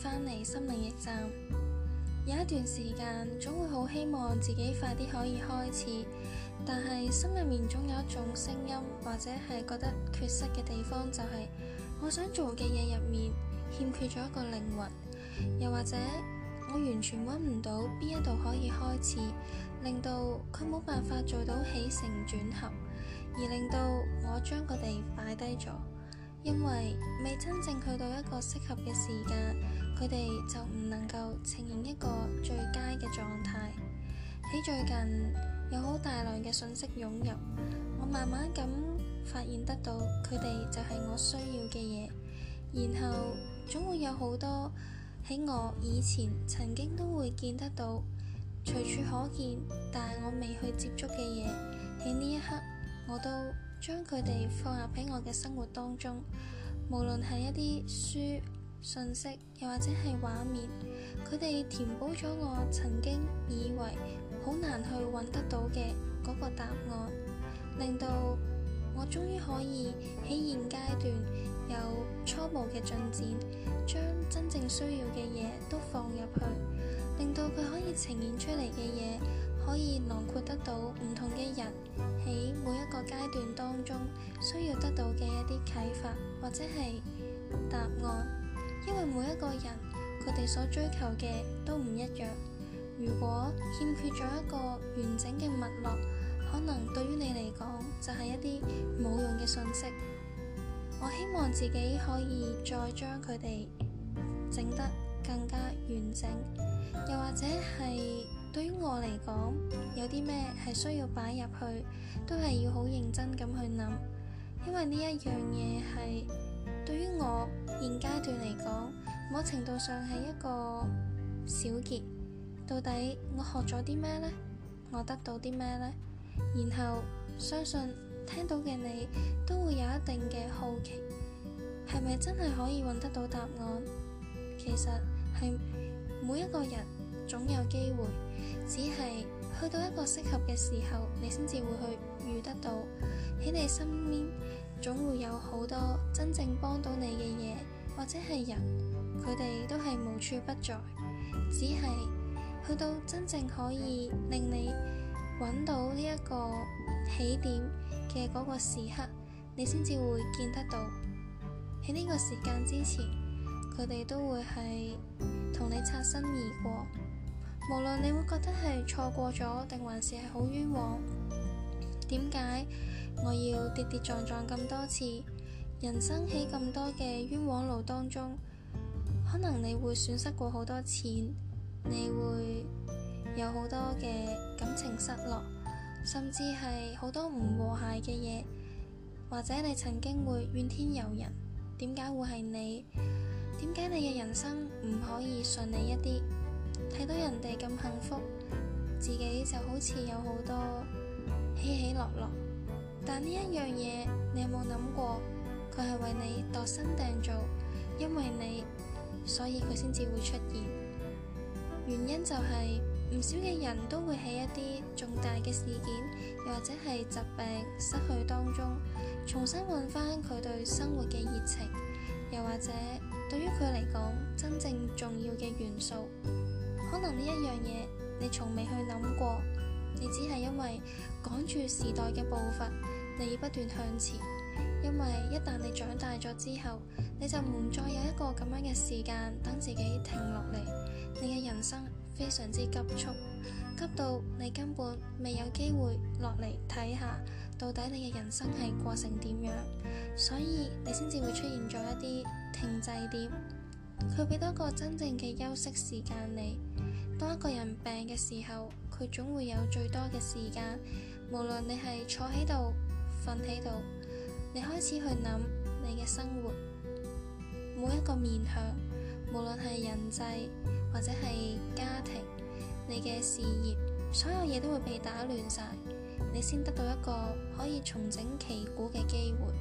返嚟心靈驛站，有一段時間總會好希望自己快啲可以開始，但係心入面總有一種聲音，或者係覺得缺失嘅地方，就是，就係我想做嘅嘢入面欠缺咗一個靈魂，又或者我完全揾唔到邊一度可以開始，令到佢冇辦法做到起承轉合，而令到我將佢地擺低咗，因為未真正去到一個適合嘅時間。佢哋就唔能夠呈現一個最佳嘅狀態。喺最近有好大量嘅信息湧入，我慢慢咁發現得到佢哋就係我需要嘅嘢。然後總會有好多喺我以前曾經都會見得到，隨處可見，但係我未去接觸嘅嘢。喺呢一刻，我都將佢哋放入喺我嘅生活當中，無論係一啲書、信息又或者係畫面，佢哋填補咗我曾經以為好難去揾得到嘅嗰個答案，令到我終於可以喺現階段有初步嘅進展，將真正需要嘅嘢都放入去，令到佢可以呈現出嚟嘅嘢可以囊括得到唔同嘅人喺每一個階段當中需要得到嘅一啲啟發或者係答案。因為每一個人佢哋所追求嘅都唔一樣，如果欠缺咗一個完整嘅脈絡，可能對於你嚟講就係、是、一啲冇用嘅信息。我希望自己可以再將佢哋整得更加完整，又或者係對於我嚟講有啲咩係需要擺入去，都係要好認真咁去諗，因為呢一樣嘢係。對於我現階段嚟講，某程度上係一個小結。到底我學咗啲咩呢？我得到啲咩呢？然後相信聽到嘅你都會有一定嘅好奇，係咪真係可以揾得到答案？其實係每一個人總有機會，只係去到一個適合嘅時候，你先至會去遇得到喺你身邊。總會有好多真正幫到你嘅嘢，或者係人，佢哋都係無處不在。只係去到真正可以令你揾到呢一個起點嘅嗰個時刻，你先至會見得到。喺呢個時間之前，佢哋都會係同你擦身而過。無論你會覺得係錯過咗，定還是係好冤枉，點解？我要跌跌撞撞咁多次，人生喺咁多嘅冤枉路當中，可能你會損失過好多錢，你會有好多嘅感情失落，甚至係好多唔和諧嘅嘢，或者你曾經會怨天尤人，點解會係你？點解你嘅人生唔可以順利一啲？睇到人哋咁幸福，自己就好似有好多起起落落。但呢一樣嘢，你有冇諗過？佢係為你度身訂造，因為你，所以佢先至會出現。原因就係唔少嘅人都會喺一啲重大嘅事件，又或者係疾病失去當中，重新搵翻佢對生活嘅熱情，又或者對於佢嚟講真正重要嘅元素。可能呢一樣嘢，你從未去諗過，你只係因為趕住時代嘅步伐。你要不斷向前，因為一旦你長大咗之後，你就唔再有一個咁樣嘅時間等自己停落嚟。你嘅人生非常之急速，急到你根本未有機會落嚟睇下看看到底你嘅人生係過成點樣，所以你先至會出現咗一啲停滯點。佢俾多個真正嘅休息時間你。當一個人病嘅時候，佢總會有最多嘅時間，無論你係坐喺度。喺度，你開始去諗你嘅生活，每一個面向，無論係人際或者係家庭，你嘅事業，所有嘢都會被打亂晒，你先得到一個可以重整旗鼓嘅機會。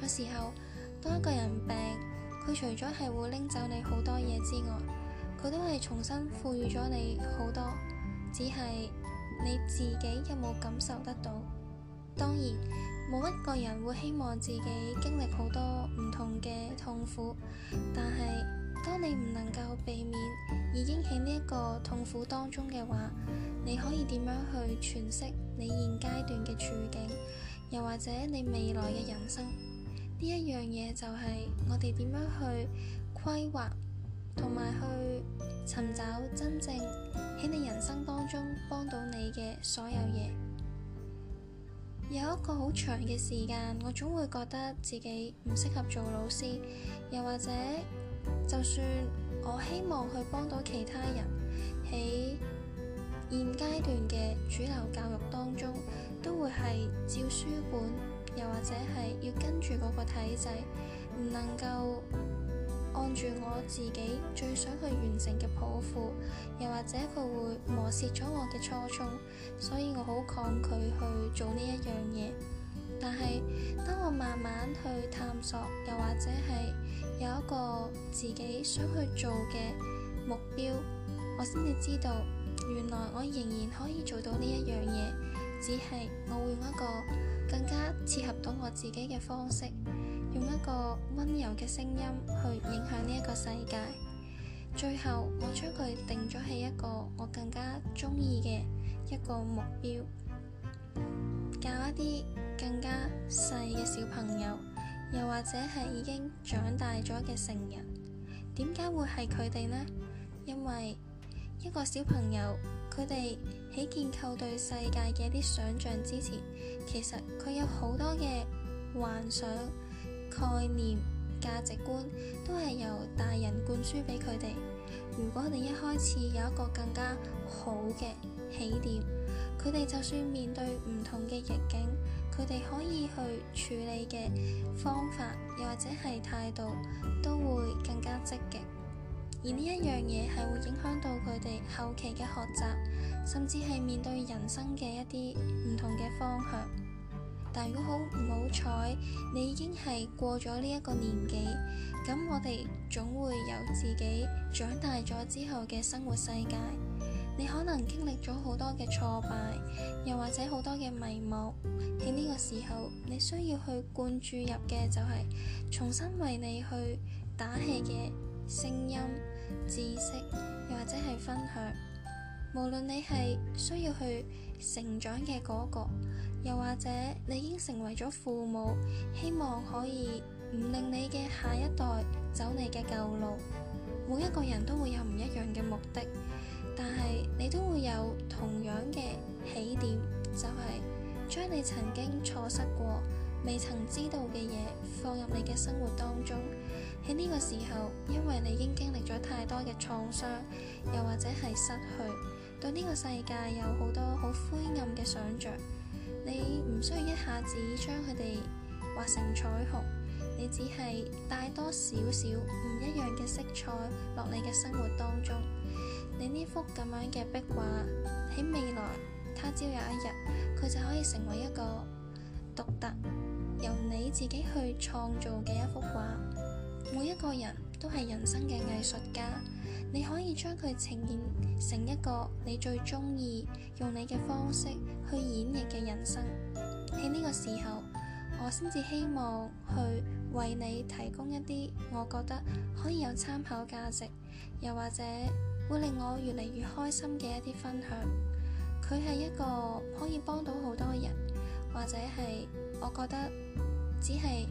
有時候當一個人病，佢除咗係會拎走你好多嘢之外，佢都係重新賦予咗你好多，只係你自己有冇感受得到？當然，冇一個人會希望自己經歷好多唔同嘅痛苦。但係，當你唔能夠避免已經喺呢一個痛苦當中嘅話，你可以點樣去詮釋你現階段嘅處境，又或者你未來嘅人生？呢一樣嘢就係我哋點樣去規劃，同埋去尋找真正喺你人生當中幫到你嘅所有嘢。有一個好長嘅時間，我總會覺得自己唔適合做老師，又或者就算我希望去幫到其他人，喺現階段嘅主流教育當中，都會係照書本，又或者係要跟住嗰個體制，唔能夠。住我自己最想去完成嘅抱負，又或者佢會磨蝕咗我嘅初衷，所以我好抗拒去做呢一樣嘢。但係，當我慢慢去探索，又或者係有一個自己想去做嘅目標，我先至知道，原來我仍然可以做到呢一樣嘢，只係我會用一個更加切合到我自己嘅方式。用一個溫柔嘅聲音去影響呢一個世界。最後，我將佢定咗係一個我更加鍾意嘅一個目標，教一啲更加細嘅小朋友，又或者係已經長大咗嘅成人。點解會係佢哋呢？因為一個小朋友，佢哋喺建構對世界嘅一啲想象之前，其實佢有好多嘅幻想。概念、價值觀都係由大人灌輸俾佢哋。如果你一開始有一個更加好嘅起點，佢哋就算面對唔同嘅逆境，佢哋可以去處理嘅方法，又或者係態度，都會更加積極。而呢一樣嘢係會影響到佢哋後期嘅學習，甚至係面對人生嘅一啲唔同嘅方向。但如果好唔好彩，你已經係過咗呢一個年紀，咁我哋總會有自己長大咗之後嘅生活世界。你可能經歷咗好多嘅挫敗，又或者好多嘅迷茫，喺呢個時候，你需要去灌注入嘅就係重新為你去打氣嘅聲音、知識，又或者係分享。無論你係需要去成長嘅嗰個。又或者你已經成為咗父母，希望可以唔令你嘅下一代走你嘅舊路。每一個人都會有唔一樣嘅目的，但係你都會有同樣嘅起點，就係、是、將你曾經錯失過、未曾知道嘅嘢放入你嘅生活當中。喺呢個時候，因為你已經經，經歷咗太多嘅創傷，又或者係失去，對呢個世界有好多好灰暗嘅想象。你唔需要一下子將佢哋畫成彩虹，你只係帶多少少唔一樣嘅色彩落你嘅生活當中。你呢幅咁樣嘅壁畫喺未來，他朝有一日，佢就可以成為一個獨特由你自己去創造嘅一幅畫。一個人都係人生嘅藝術家，你可以將佢呈現成一個你最鍾意用你嘅方式去演繹嘅人生。喺呢個時候，我先至希望去為你提供一啲我覺得可以有參考價值，又或者會令我越嚟越開心嘅一啲分享。佢係一個可以幫到好多人，或者係我覺得只係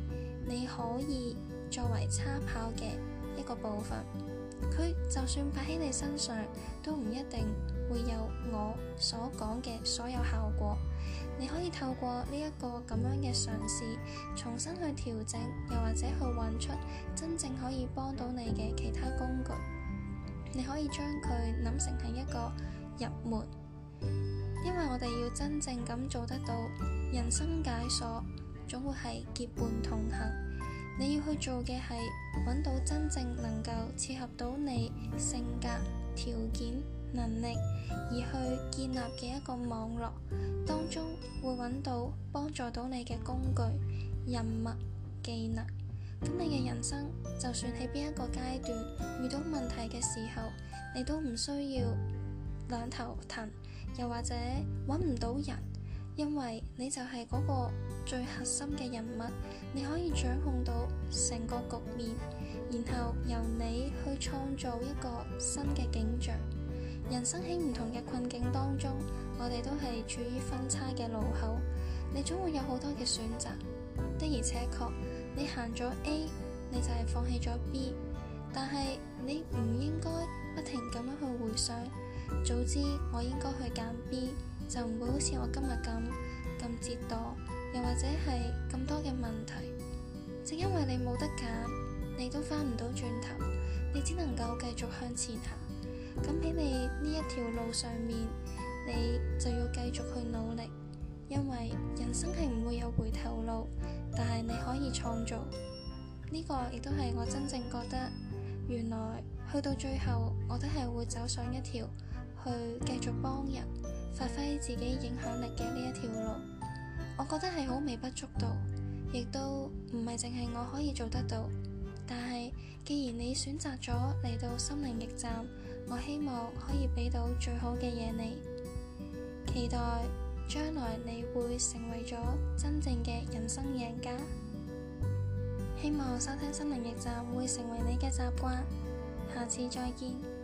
你可以。作為叉炮嘅一個部分，佢就算擺喺你身上，都唔一定會有我所講嘅所有效果。你可以透過呢一個咁樣嘅嘗試，重新去調整，又或者去揾出真正可以幫到你嘅其他工具。你可以將佢諗成係一個入門，因為我哋要真正咁做得到人生解鎖，總會係結伴同行。你要去做嘅係揾到真正能夠切合到你性格、條件、能力，而去建立嘅一個網絡當中會，會揾到幫助到你嘅工具、人脈、技能。咁你嘅人生就算喺邊一個階段遇到問題嘅時候，你都唔需要兩頭騰，又或者揾唔到人，因為你就係嗰個。最核心嘅人物，你可以掌控到成個局面，然後由你去創造一個新嘅景象。人生喺唔同嘅困境當中，我哋都係處於分叉嘅路口，你總會有好多嘅選擇。的而且確，你行咗 A，你就係放棄咗 B，但係你唔應該不停咁樣去回想，早知我應該去揀 B，就唔會好似我今日咁咁折墮。又或者係咁多嘅問題，正因為你冇得揀，你都翻唔到轉頭，你只能夠繼續向前行。咁喺你呢一條路上面，你就要繼續去努力，因為人生係唔會有回頭路，但係你可以創造。呢個亦都係我真正覺得原來去到最後，我都係會走上一條去繼續幫人發揮自己影響力嘅呢一條路。我覺得係好微不足道，亦都唔係淨係我可以做得到。但係既然你選擇咗嚟到心靈驛站，我希望可以俾到最好嘅嘢你。期待將來你會成為咗真正嘅人生贏家。希望收聽心靈驛站會成為你嘅習慣。下次再見。